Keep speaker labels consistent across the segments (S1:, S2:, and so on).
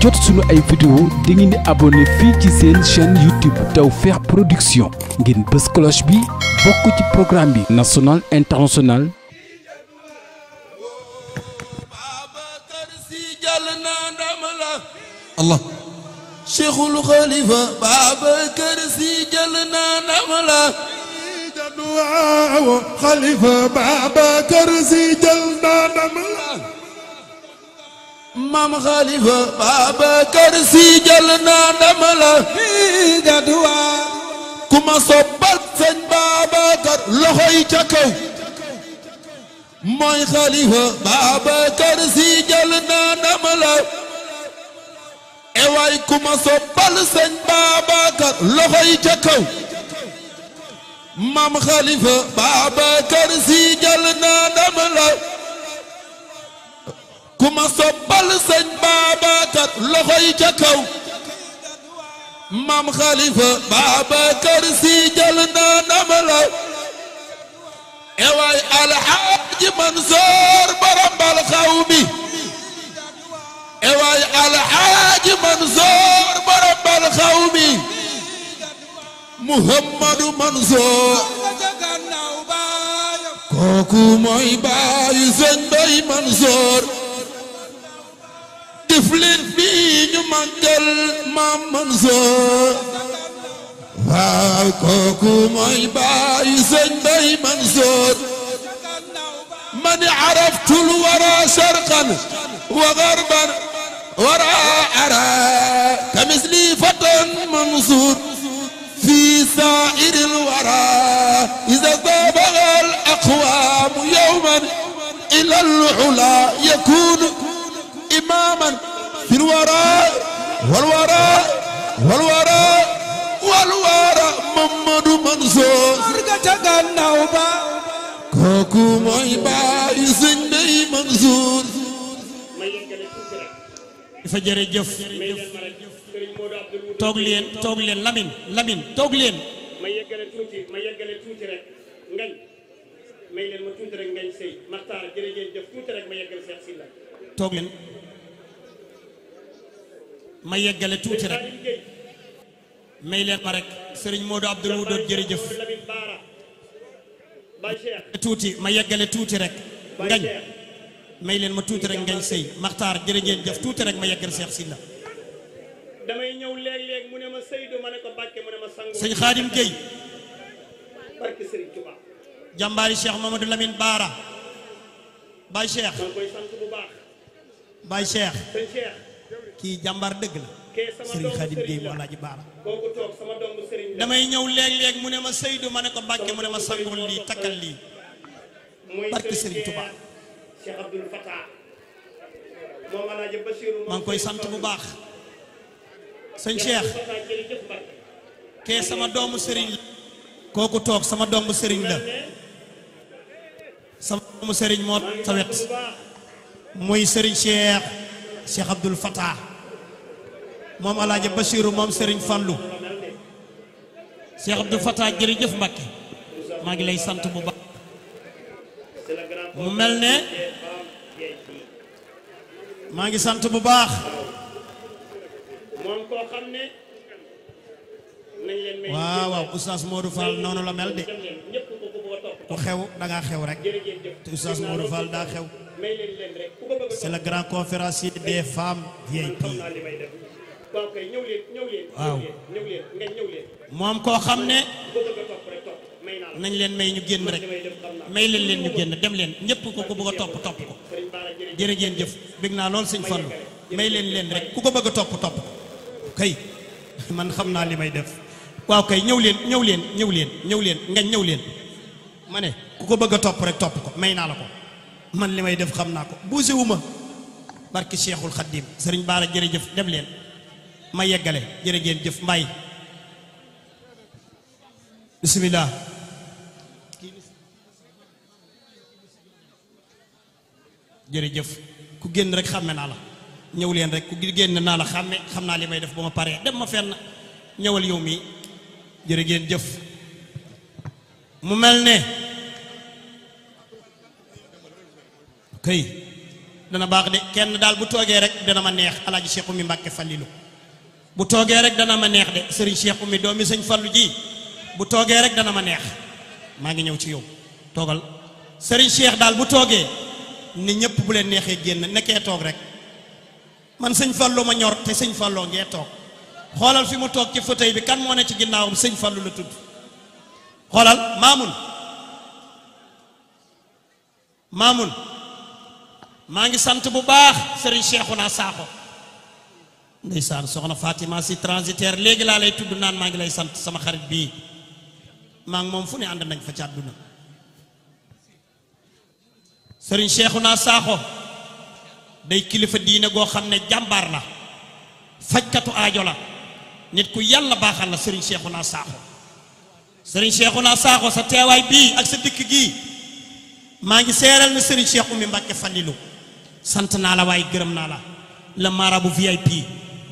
S1: jot suñu ay vidéo da ngeen di fii ci seen chaîne YouTube Tawfekh Production ngeen bës cloche bi bokk ci programme bi national international
S2: Allah Cheikhul Khalifa Babacar Sy jël na ndam la maam xalifa Babacar Si jël naa dama la jadwa ku ma soppal sëñ Babacar loxo yi ca kaw mooy xalifa Babacar Si jël naa dama la ewaay ku ma soppal sëñ Babacar loxo yi ca kaw maam xalifa Babacar Si jël naa dama la ku ma soppal sëñ Babacar loxo yi ca kaw maam Khalifa Babacar si jël na nama law ewaay alxaaji Mansoor borom bal xaw mi ewaay alxaaji Mansoor borom bal xaw mi Muhammadu Mansoor kooku mooy baayu sëñ bay Mansoor tiflin fii ñu màggal maam Mansoor waaw kooku mooy baayu sëñ Bay Mansoor man araftul wara sharqan wa garban wara ara kamisli fatan mansuur في سائر الورى إذا سابغ الأقوام يوما إلى العلا يكون إماما في الوراء والوراء والوراء والوراء محمد منصور سرقة غناوبا كوكو موي باي سندي منصور
S3: fa jërëjëf toog leen toog leen lamin lamin toog leen ma yeggale tuuti ma yeggale tuuti rek ngañ may leen ma tuuti rek ngañ sëy maxtaar jërëjëf tuuti rek ma yeggale seex si la toog leen ma yeggale tuuti rek may leen ma rek sëriñ Modou Abdoul Wadoud jërëjëf tuuti ma yeggale tuuti rek ngañ may leen ma tuuti rek ngañ sëy maxtaar jërëjeen jëf tuuti rek ma yeggal Cheikh Sylla damay ñëw léeg-léeg mu ne ma Seydou ma ne ko Mbàkke mu ne ma sangu sëñ Xaadim Gueye barke Sëriñ Tuubaa jàmbaari Cheikh Mamadou Lamine Baara Baye Cheikh koy sant kii jàmbaar dëgg la sëriñ Xaadim Géey mu alaaji baara damay ñëw léeg-léeg mu ne ma Seydou ma ne ko Mbàkke mu ne ma sangul lii takkal lii barke sëriñ Tuubaa maa ngi koy sant bu baax sëñ Cheikh kee sama doomu sëriñ la kooku toog sama doomu sëriñ la sama sëriñ moo sa wet muy sëriñ Cheikh Cheikh Abdoul Fatah moom alaaji Basiiru moom Sëriñ Fallu Cheikh Abdou Fatah jërëjëf Mbàkke maa ngi lay sant bu baax mu mel ne maa ngi sant bu baax moom waaw waaw oustaz Modou Fall noonu la mel de ku xew dangaa xew rek te oustaz Modou Fall daa xew c'est le grand conférencier des femmes VIP waaw kay moom koo xam ne. nañ leen may ñu génn rek may leen leen ñu génn dem leen ñëpp ko ko bëgg a topp topp ko jërë jëf bég naa lool sëñ Fallu may leen leen rek ku ko bëgg a topp topp ko kay man xam naa li may def waaw kay ñëw leen ñëw leen ñëw leen ñëw leen nga ñëw leen ma ne ku ko bëgg a topp rek topp ko may naa la ko man li may def xam naa ko buuse wu ma barki Cheikhul Khadim sëriñ Baara jërëjëf dem leen ma yeggale jërë jëf mbay bismillah jërëjëf ku génn rek xàmme naa la ñëw leen rek ku génn naa la xàmme xam naa li may def ba ma paree dem ma fenn ñëwal yow mi jërë jëf mu mel ne kay dana baax de kenn daal bu toogee rek dana ma neex alaaj Cheikh Oumy Mbacke Fallilou bu toogee rek dana ma neex de sëriñ Cheikh Oumy doomi sëñ Fallu ji bu toogee rek dana ma neex maa ngi ñëw ci yow toogal sëriñ Cheikh daal bu toogee ni ñëpp bu leen neexee génn nekkee toog rek man sëñ Fallu ma ñor te sëñ Falloo ngee toog xoolal fi mu toog ci fauteuil bi kan moo ne ci ginnaawam sëñ Fallu la tudd xoolal maamun maamun maa ngi sant bu baax sëriñ naa Sakho ndeysaan soxna Fatima si transitaire léegi laa lay tudd naan maa lay sant sama xarit bi maa ngi moom fu ne ànd nañ fa ci àdduna sëriñ Cheikhouna Sakho day kilifa diine goo xam ne jàmbaar la fajkatu aajo la nit ku yàlla baaxal la sëriñ Cheikhouna Sakho sëriñ Cheikhouna Sakho sa teewaay bii ak sa dikk gii maa ngi seeral na sëriñ Cheikh Oumy Mbacke Fallilou sant naa la waaye gërëm naa la la marabu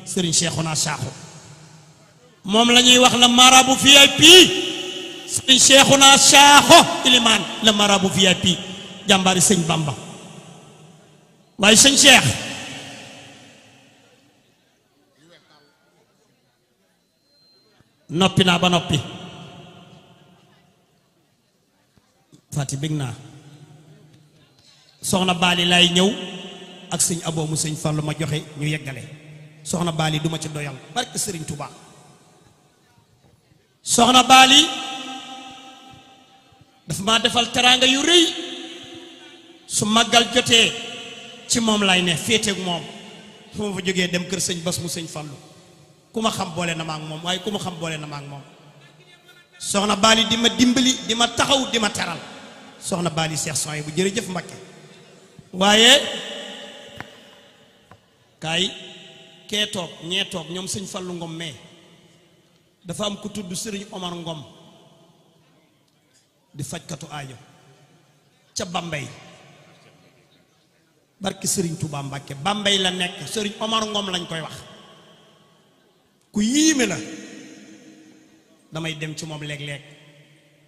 S3: sëriñ naa Sakho moom la ñuy wax le marabout VIP sëriñ Cheikhouna Sakho ilimaan le marabout VIP jàmbaari sëñ Bamba waaye sëñ Cheikh noppi naa ba noppi fati bég naa soxna baali laay ñëw ak sëñ aboo mu sëñ lu ma joxe ñu yeggale soxna baali duma ci doyal barke sëriñ Touba soxna baali dafa maa defal teraanga yu rëy su màggal jotee ci moom lay ne féeteeg moom fu ma fa jógee dem kër sëñ bas mu sëñ fàllu ku ma xam boole na ma moom waaye ku ma xam boole na ak moom soxna baali di ma dimbali di ma taxaw di ma teral soxna baali seex son yi bu jërëjëf Mbakke waaye kaay kee ñeetoog ñoom sëñ Fallu ngoom mais dafa am ku tudd sëriñ Omar ngoom di fajkatu aajo ca Bambey barki sëriñ Touba Mbàkke bàmbay la nekk sëriñ Omar ngoom lañ koy wax ku yiime la damay dem ci moom léeg-léeg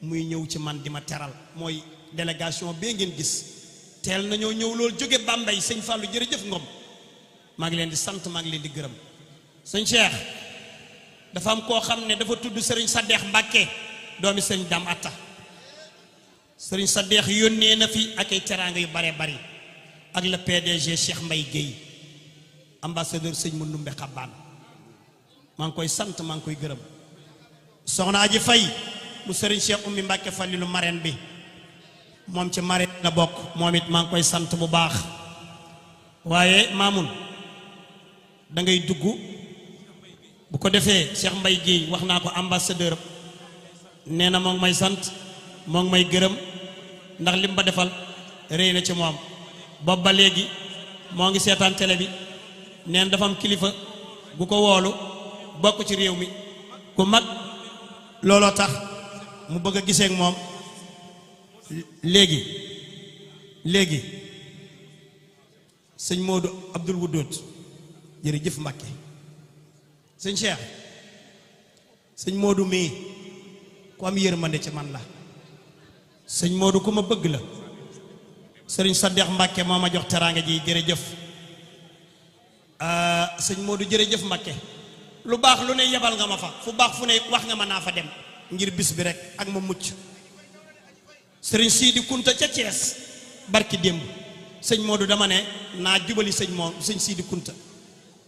S3: muy ñëw ci man di ma teral mooy délégation bee ngeen gis teel nañoo ñëw loolu jóge Bambey sëñ Fallu jërëjëf Ngom maa ngi leen di sant maa ngi leen di gërëm sëñ dafa am koo xam ne dafa tudd sëriñ Sadeex Mbàkke doomi sëriñ Dam Atta sëriñ Sadeex yónnee na fi yu bare bari ak le PDG Cheikh Mbaye Guèye ambassadeur sëñ mu maa ngi koy sant maa ngi koy gërëm soxnaa ji fay mu sëriñ Cheikh Oumy Mbàkke Falilu marraine bi moom ci marraine na bokk moom it maa ngi koy sant bu baax waaye maamun da ngay dugg bu ko defee Cheikh mbay Guèye wax naa ko ambassadeur nee na moo may sant moo may gërëm ndax lim ba defal rëy na ci moom boobu ba léegi moo ngi seetaan tele bi neen dafa am kilifa gu ko woolu bokk ci réew mi ku mag looloo tax mu bëgg a gisee moom léegi léegi sëñ Modou Abdoul Wuddoot jërëjëf Mbàkke sëñ Cheikh sëñ Modou mii ku am yërmande ci man la sëñ Modou ku ma bëgg la sëriñ Saddex Mbàkke moo ma jox teraanga ji jërëjëf ah, sëñ Modou jëf Mbàkke lu baax lu ne yebal nga ma fa fu baax fu ne wax nga ma naa fa dem ngir bis bi rek ak ma mucc sëriñ Sidi Kunta ca Cees barki démb sëñ Modou dama ne naa jubali sëñ moom sëñ Sidi Kunta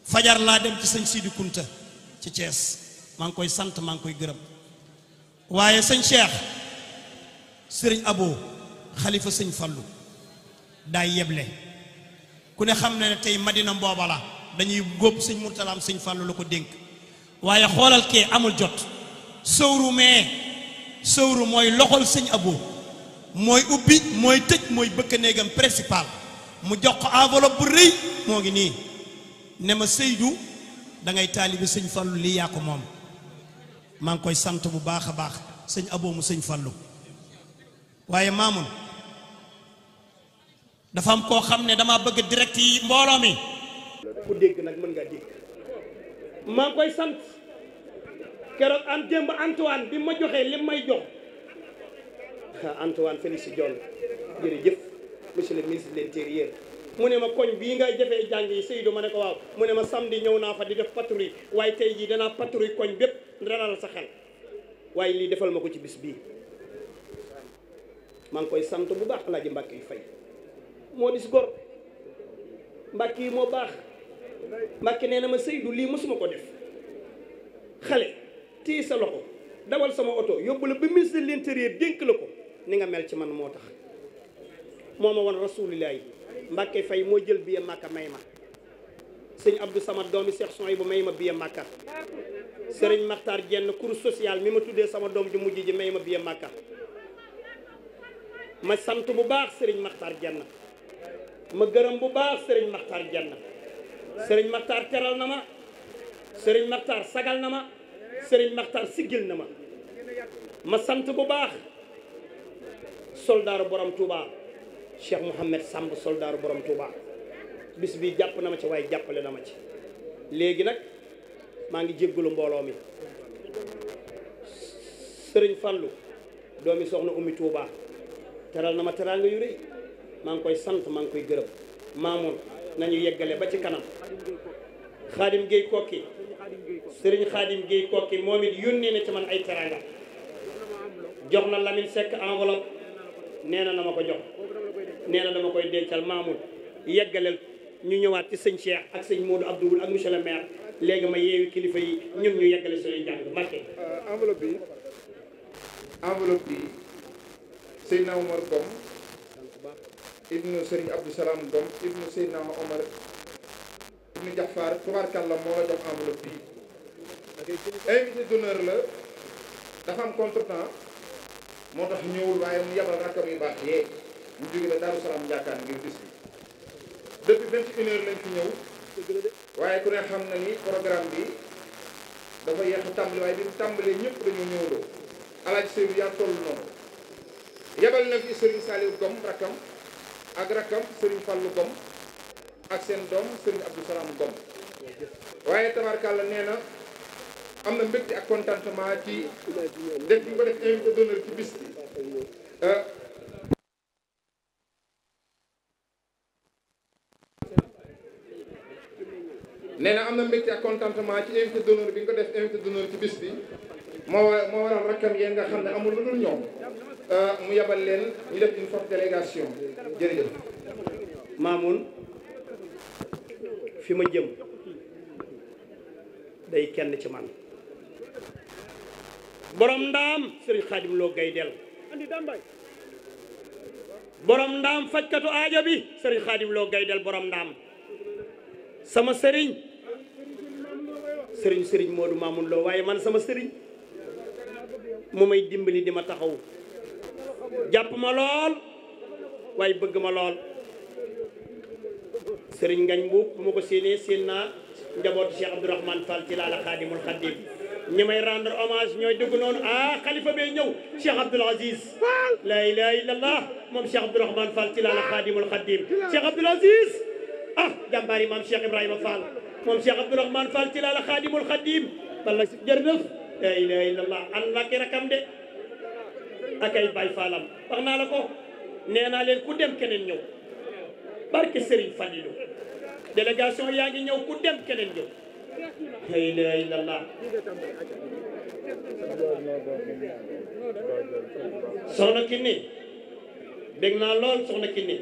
S3: fajar laa dem ci sëñ Sidi Kunta ci Thiès maa ngi koy sant maa ngi koy gërëm waaye sëñ Cheikh sëriñ Abo xalifa sëñ Fallu daay yeble ku ne xam ne ne tey Madina mbooba la dañuy góob sëñ Murtalaam sëñ Fallu la ko dénk waaye xoolal kee amul jot sowru mee sowru mooy loxol sëñ Abo mooy ubbi mooy tëj mooy bëkk néegam principal mu jox ko enveloppe bu rëy moo ngi nii ne ma Seydou da ngay taalibi sëñ Fallou lii yaa ko moom maa ngi koy sant bu baax a baax sëñ aboomu sëñ Fallou waaye maamun dafa am koo xam ne dama bëgg direct yi mbooloo mi. ku dégg nag mën ngaa dégg maa ngi koy sant keroog an bi ma joxee li may jox Antoine Félix Diome jërëjëf monsieur le ministre de l'intérieur mu ne ma koñ bii ngay defee jàng yi Seydou ma ne ko waaw mu ne ma samedi ñëw naa fa di def patrouille waaye tey jii danaa patrouille koñ bépp dalal sa xel waaye lii defal ma ko ci bis bii maa ngi koy sant bu baax Alaaji yu Fay moo dis gor Mbàkke yi moo baax Mbàkke nee na ma Seydou lii mësuma ko def xale tii sa loxo dawal sama oto yóbbu la ba ministre de l'intérieur dénk la ko ni nga mel ci man moo tax moo ma wan rasulilah Mbacke fay moo jël billet Makka may ma sëñ Abdou sama doomi Cheikh Soy bu may ma billet Makka sëriñ maxtar Jenn cour social mi ma tuddee sama doom ju mujj ji may ma billet Makka ma sant bu baax sëriñ Makhtar Jenn ma gërëm bu baax sëriñ Makhtar Jenn sëriñ Makhtar teral na ma sëriñ Makhtar sagal na ma sëriñ Makhtar siggil na ma ma sant bu baax soldaaru borom tuubaa Cheikh Mouhamed Samb soldaaru borom Touba bis bi jàpp na ma ci waaye jàppale na ma ci léegi nag maa ngi jéggalu mbooloo mi sëriñ Fallou doomi soxna Oumy Touba teral na ma teraanga yu rëy maa ngi koy sant maa ngi koy gërëm Mamoun nañu yeggale ba ci kanam Xaadim Gueye kokki sëriñ Xaadim Gueye kokki moom it yónnee na ci man ay teraanga jox na Lamine Seck enveloppe nee na na ma ko jox nee na dama koy dencal Mamour yeggaleel ñu ñëwaat ci sëñ Cheikh ak sëñ Modou Abdoul ak monsieur le maire léegi ma yeewi kilifa yi ñun ñu yeggale suñuy jàng marqué.
S4: Euh, enveloppe yi
S1: enveloppe yi Seydina Omar Gom ibnu Serigne Abdou Salam ibnu Seydina Omar ibnu Jaxfaar moo la jox enveloppe yi invité d'honneur la dafa am contretemps moo tax ñëwul waaye mu yabal rakkam yu baax yee ñu jóge ba Daaru Salaam Njàkkaan ngir bis bi depuis vingt une heure lañ fi ñëw waaye ku ne xam na ni programme bi dafa yeex tàmbali waaye bi mu tàmbalee ñëpp dañoo ñëwloo alaaj sëy bi yaa toll noonu yabal na fi Serigne Saliou Gom rakkam ak rakkam Serigne Fallou Gom ak seen doom Serigne Abdou Salam Gom waaye tabarkàlla nee na am na mbégte ak contentement ci def bi ko def invité ci bis bi euh, nee na am na mbégte ak contentement ci invité d'honneur bi nga ko def invité d'honneur ci bis bi moo wa moo waral rakkam yéen nga xam ne amul lu dul ñoom euh, mu yabal leen ñu def une forte délégation jërëjëf.
S3: Mamoun fi ma jëm day kenn ci man borom ndaam Serigne Khadim Lo Gaydel borom ndaam fajkatu aajo bi Serigne Khadim Lo Gaydel borom ndaam. sama sëriñ sëriñ sëriñ Modou Mamoun loo waaye man sama sëriñ mu may dimbali di ma taxaw jàpp ma lool waaye bëgg ma lool sëriñ ngañ buub bu ma ko séenee séen naa njabootu Cheikh Abdourahmane Fall ci laala xaadimul xaadim ñi may rendre hommage ñooy dugg noonu ah xalifa bee ñëw Cheikh Abdoul Aziz la ilaha illallah moom Cheikh Abdourahmane Fall ci laala xaadimul xaadim Cheikh Abdoul Aziz jàmbaari maam Cheikh Ibrahima Fall moom Cheikh Abdourahmane Fall ci laala xaadimul xadim balla jërëjëf la ilaha illallah allah ki rakam de akay bay faalam wax naa la ko nee naa leen ku dem keneen ñëw barke Serigne Fallilou délégation yaa ngi ñëw ku dem keneen ñëw la ilaha illallah soxna Kine bég naa lool soxna Kine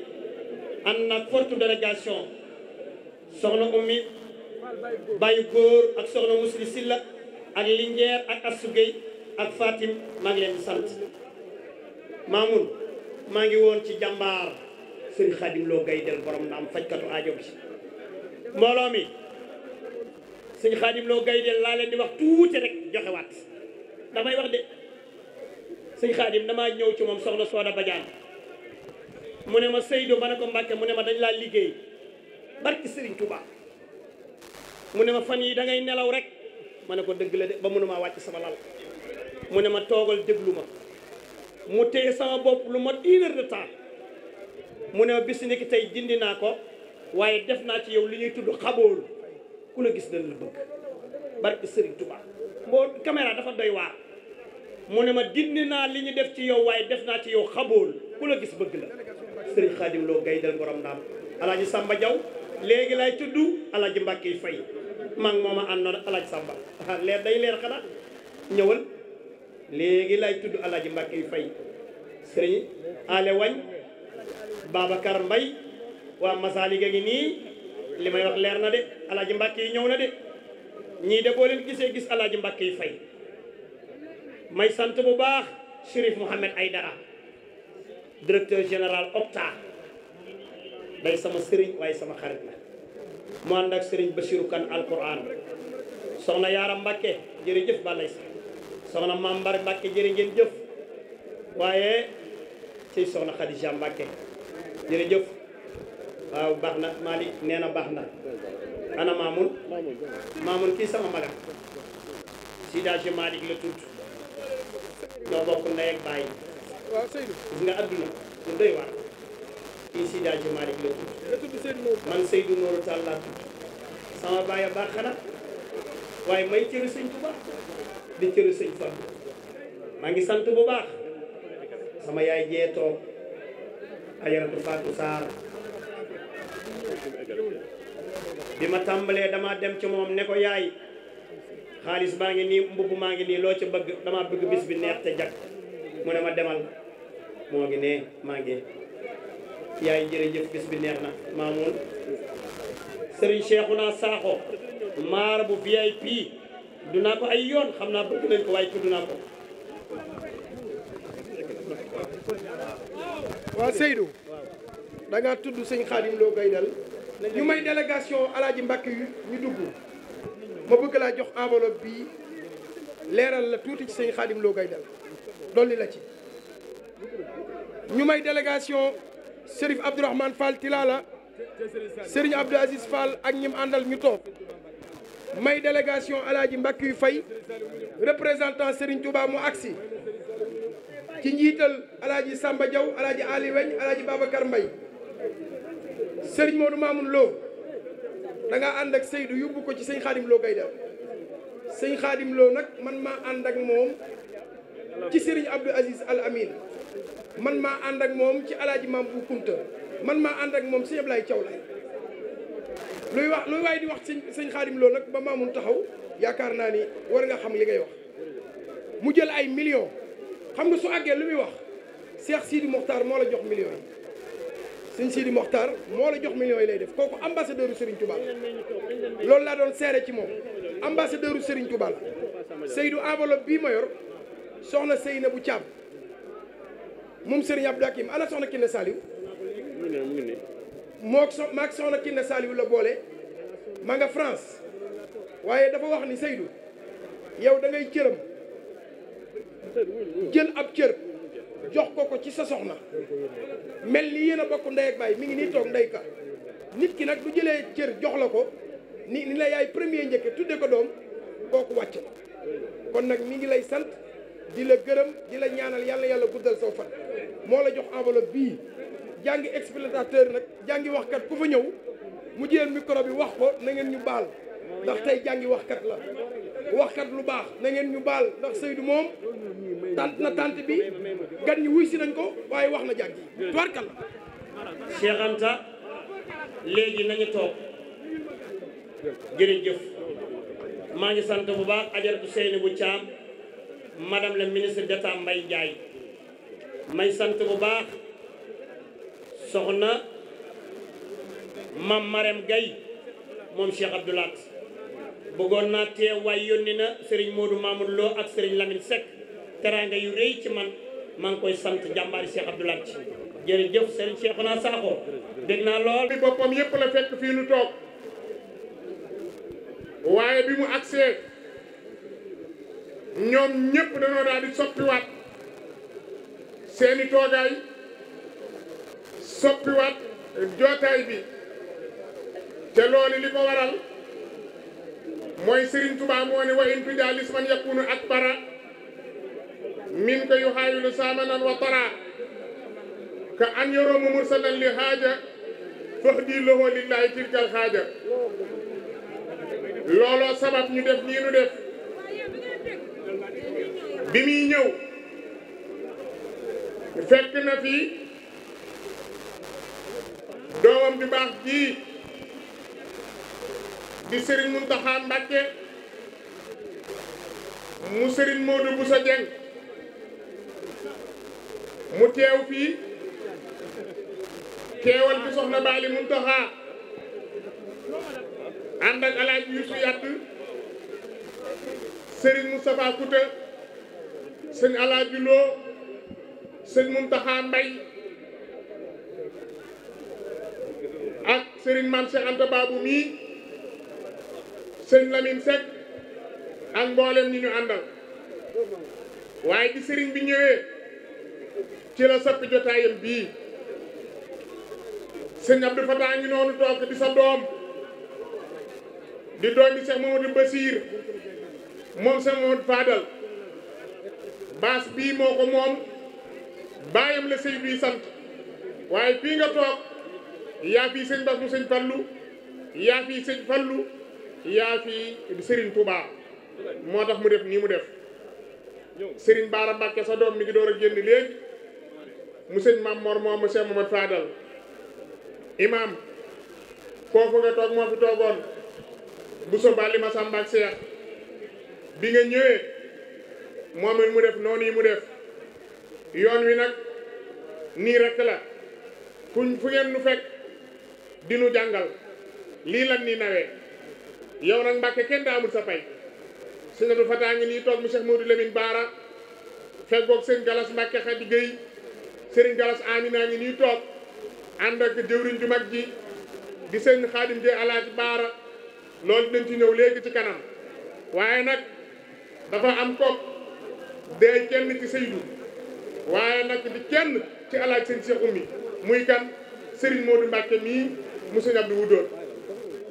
S3: ànd na forte délégation soxna ummi bàyyi góor ak soxna musli silla ak lingeer ak assu Gueye ak fatim maa ngi leen di sant maamun maa ngi woon ci jàmbaar sëriñ xaadim loo gay del borom naam fajkatu ajo bi mbooloo mi sëriñ xaadim loo gay del laa leen di wax tuuti rek joxe waat damay wax de sëriñ xaadim damaa ñëw ci moom soxna sooda badiaan mu ne ma Seydou ba ne ko Mbàkke mu ne ma dañ laa liggéey barki Serigne Touba mu ne ma fan yi da ngay nelaw rek ma ne ko dëgg la de ba mënumaa wàcc sama lal mu ne ma toogal déglu ma mu téye sama bopp lu mot une heure mu ne ma bis ki tey dindi naa ko waaye def naa ci yow li ñuy tudd xabool ku la gis dañ la bëgg barki Serigne Touba mboo caméra dafa doy waar mu ne ma dindi naa li ñu def ci yow waaye def naa ci yow xabool la gis bëgg la Serigne Khadim Lo gay dal borom ndaam alaaji Samba Diaw léegi lay tudd alaji Mbàkke fay maa moom a àndoon alaji Sàmba leer day leer xanaa ñëwal léegi lay tudd alaji Mbàkke fay sëriñ ale wañ Babacar Mbay waa Masaalig a ngi nii li may wax leer na de alaji Mbàkke ñëw na de ñii de boo leen gisee gis alaji Mbàkke fay may sant bu baax Chérif ay dara directeur général OPTA day sama sëriñ waaye sama xarit la mu ànd sëriñ Basiru Kan alquran soxna Yaara Mbàkke jërëjëf balay sa soxna Maam Mbar Mbàkke jërë ngeen jëf waaye ci soxna Xadija Mbàkke jërëjëf waaw baax na Malick nee na baax na ana Mamoun Mamoun kii sama maga sidage Malick la tudd ñoo bokk ndey ak bàyyi
S1: gis
S3: nga adduna lu doy waar kii Seydi Hadji Malick la
S1: tudd man
S3: Seydou tudd sama baay baax xanaa waaye may cëru sëñ bu baax di cëru sëñ fan maa ngi sant bu baax sama yaay jeetoo ajaratu Fatou Sarr bi ma tàmbalee damaa dem ci moom ne ko yaay xaalis baa ngi nii mbubb maa ngi nii loo ci bëgg damaa bëgg bis bi neex te jag mu ne ma demal moo ngi ne maa yaay jërëjëf bis bi neex na Mamoun Serigne naa Sakho maar bu VIP du naa ko ay yoon xam naa bëgg nañ ko waaye tudd naa ko
S2: waaw Seydou
S1: da ngaa tudd sëñ Khadim Lo Gaydel ñu may délégation alaaji Mbàkke yu ñu dugg ma bëgg laa jox enveloppe bi leeral la tuuti ci sëñ Khadim Lo Gaydel dolli la ci ñu may délégation Serigne Abdourahmane Fall Tilala Serigne Abdou Aziz Fall ak ñim àndal ñu toog may délégation alaaji mbàkk yu fay représentant Serigne Touba mu agsi ci njiital alaaji Samba Diaw alaaji Ali alaaji Babacar Mbay Serigne Modou Mamoun Lo da nga ànd ak Seydou yóbbu ko ci sëñ Xaadim Lo Gaydel sëñ Xaadim nag man maa ànd ak moom ci Serigne Abdou Aziz Al Amin man maa ànd ak moom ci alaaji maam bu kunta man maa ànd ak moom sëñ Ablaye Thiaw lay luy wax luy waaye di wax sëñ sëñ xaadim loolu nag ba maamun taxaw yaakaar naa ni war nga xam li ngay wax mu jël ay million xam nga su àggee lu muy wax Cheikh Sidi moxtaar moo la jox millions yi sëñ Sidi moo la jox millions yi lay def kooku ambassadeur u Serigne Touba
S2: loolu laa doon seere ci moom
S1: ambassadeur u Serigne Touba la Seydou enveloppe bii ma yor soxna na bu Thiam moom Serigne Abdou Hakim ana soxna Kiné Saliou mook so maag soxna Kiné Saliou la boole ma nga France waaye dafa wax ni Seydou yow dangay ngay cëram jël ab cër jox ko ko ci sa soxna mel ni yéen bokk ndey ak baay mi ngi nii toog ndey ka nit ki nag du jëlee cër jox la ko ni ni la yaay premier njëkk tudde ko doom kooku wàcc
S2: na
S1: kon nag mi ngi lay sant di la gërëm di la ñaanal yàlla yàlla guddal saw fan moo la jox enveloppe bii jàngi exploitateur nag jàngi wax kat ku fa ñëw mu jël micro bi wax ko na ngeen ñu baal ndax tey jàngi wax kat la waxkat lu baax na ngeen ñu baal ndax Seydou moom tant na tànt bi gan ñi wuy si nañ ko waaye wax na jàngi tubarkal la Cheikh Anta
S3: léegi nañu toog jëf maa ngi sant bu baax ajaratu Seyni bu Thiam madame la ministre d'État Mbaye Ndiaye may sant bu baax soxna mam Marème Gaye moom Cheikh Abdoulaat bëggoon naa teew waaye yónni na Serigne Modou Mamour Lo ak Serigne Lamine Seck teraanga yu rëy ci man maa ngi koy sant jàmbaari Cheikh Abdoulaat ci jërëjëf Serigne Cheikhouna Sakho
S4: dégg naa lool bi boppam yépp la fekk fii nu toog waaye bi mu agsee ñoom ñépp dañoo daal di soppiwaat seeni toogaay soppiwaat jootaay bi te loolu li ko waral mooy Serigne Touba moo ne wa in tujalis man yakunu akbara min ko yuhaayilu saamanan wa tara ka an yoromu mursalan li haaja fahdi lahu lillahi tilkal haaja looloo sabab ñu def nii nu def bi muy ñëw fekk na fi doomam bi baax ji di Serigne Mountakha Mbacké mu Serigne Modou Bousso Dieng mu teew fii teewal bi soxna Bali Mountakha ànd ak Alaaji Yuusu Yàtt Serigne Moustapha Kouta sëñ Alaaji Lo sëñ Muntaxa Mbay ak sëriñ Maam Cheikh Anta Baabu mii sëñ Lamine Seck ak mboolem ñi ñu àndal waaye di sëriñ bi ñëwee ci la soppi jotaayam bii sëñ Abdou Fatah ngi noonu toog di sa doom di doom bi Cheikh Mamadou Basir moom Cheikh Mamadou Fadal baas bii moo ko moom baayam la sëñ bi sant waaye fii nga toog yaa fii sëñ Bass mu sëñ Fallu yaa fii sëñ Fallu yaa fii Serigne moo tax mu def nii mu def Serigne Baara Mbàkke sa doom mi ngi door a génn léegi mu sëñ Mam Mor moom mu sëñ Mamad imaam foofu nga toog moo fi toogoon bu soba li ma sàmbaak seex bi nga ñëwee moom mu def noonu yi mu def yoon wi nag nii rek la fuñ fu ngeen nu fekk di jàngal lii lan ni nawee yow nag Mbàkke kenn daa amul sa pay sëñ Abdou Fatah ngi nii toog mu Cheikh Modou Lamine Baara feggoog sëñ Galas Mbàkke Xadi Géy sëriñ Galas Amina ngi nii toog ànd ak jëwriñ ju mag ji di sëñ Xaadim Géy Alaaji Baara loolu dinañ ci ñëw léegi ci kanam waaye nag dafa am koog day kenn ci Seydou waaye nag di kenn ci alaaj sëriñ Cheikh Oumy muy kan sëriñ Modou Mbacke mii mu sëñ Abdou Wudoon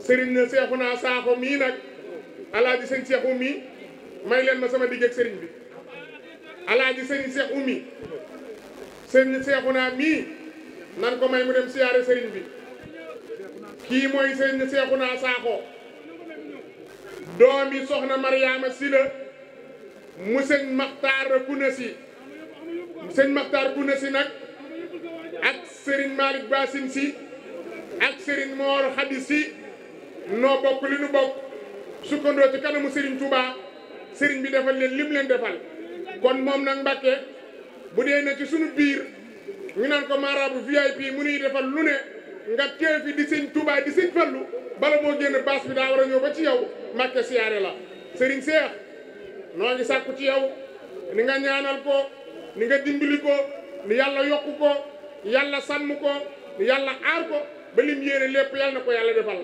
S4: sëriñ Cheikhouna Sakho mii nag alaaji sëriñ Cheikh Oumy may leen ma sama digg ak sëriñ bi alaaji sëriñ Cheikh Oumy sëriñ Cheikhouna mii nan ko may mu dem siyaare sëriñ bi kii mooy sëriñ Cheikhouna Sakho doomi soxna Mariama Sylla mu sëñ Maxtaar Kuna si sëñ Maxtaar Buna si nag ak Serigne Malick Bassine si ak Serigne Mor Khady si noo bokk li nu bokk sukkandoo ci kanamu Serigne Touba Serigne bi defal leen lim leen defal kon moom nag Mbàkke bu dee ne ci sunu biir ñu naan ko marabu VIP mu nuy defal lu ne nga teew fi di sëñ Touba di sëñ Fallu bala moo génn baas bi daa war a ci yow Mbàkke siyaare la Serigne Seex noo ngi sàkku ci yow ni nga ñaanal ko. ni nga dimbali ko ni yàlla yokku ko yàlla sàmm ko ni yàlla aar ko ba lim yéene lépp yàlla na ko yàlla defal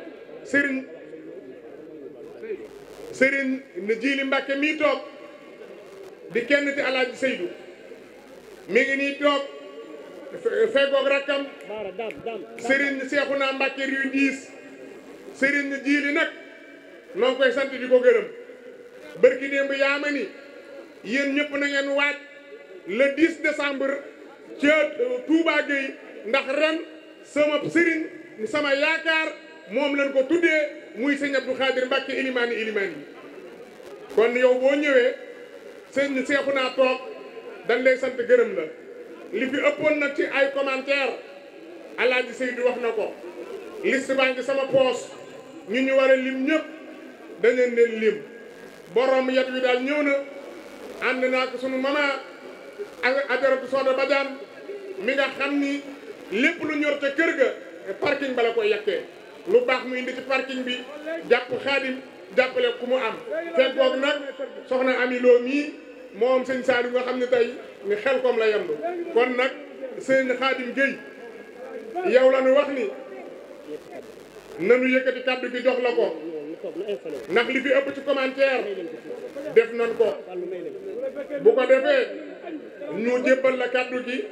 S4: sëriñ sëriñ na jiili mbàkke mii toog di kenn ti alaaji Seydou mi ngi nii toog fegoog rakkam sëriñ Seexuna Mbàkke riw diis sëriñ na jiili nag noo koy sant di ko gërëm bërki démb yaa ma ni ñëpp na ngeen waaj le 10 décembre ca euh, Touba Gueye ndax ren sama sëriñ sama yaakaar moom leen ko tuddee muy sëñ Abdou Khadir Mbacke Ilimani Ilimani kon yow boo ñëwee sëñ seexu naa toog dañ lay sant gërëm la li fi ëppoon nag ci ay commentaire Alaaji Seydou wax na ko liste baa ngi sama poos ñu ñu war a lim ñëpp dañu leen lim borom yat wi daal ñëw na ànd naa ko sunu mama ajaratu Soda Badiane mi nga xam ni lépp lu ñor te kër ga parking bala koy yàqee lu baax mu indi ci parking bi jàpp xaadim jàppale ku mu am fekk boog nag soxna Ami Lo mii moom sëñ Saliou nga xam ne tey ni xel koom la yemb kon nag sëñ Xaadim Gueye yow la ñu wax ni nanu yëkkati kàddu gi jox la ko ndax li fi ëpp ci commentaire def nan ko
S3: bu ko defee ñu
S4: jébbal la kàddu gi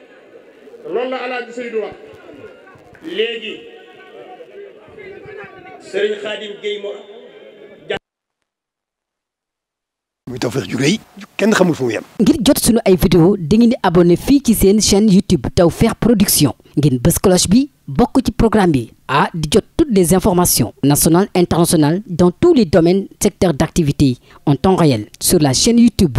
S3: ngir jot sunu ay vidéo dangeen di abonné fii ci seen chaîne YouTube Tawfekh Production ngeen bës bi bokk ci programme bi ah di jot toutes les informations national internationales dans tous les domaines secteurs d'activité en temps réel sur la chaîne YouTube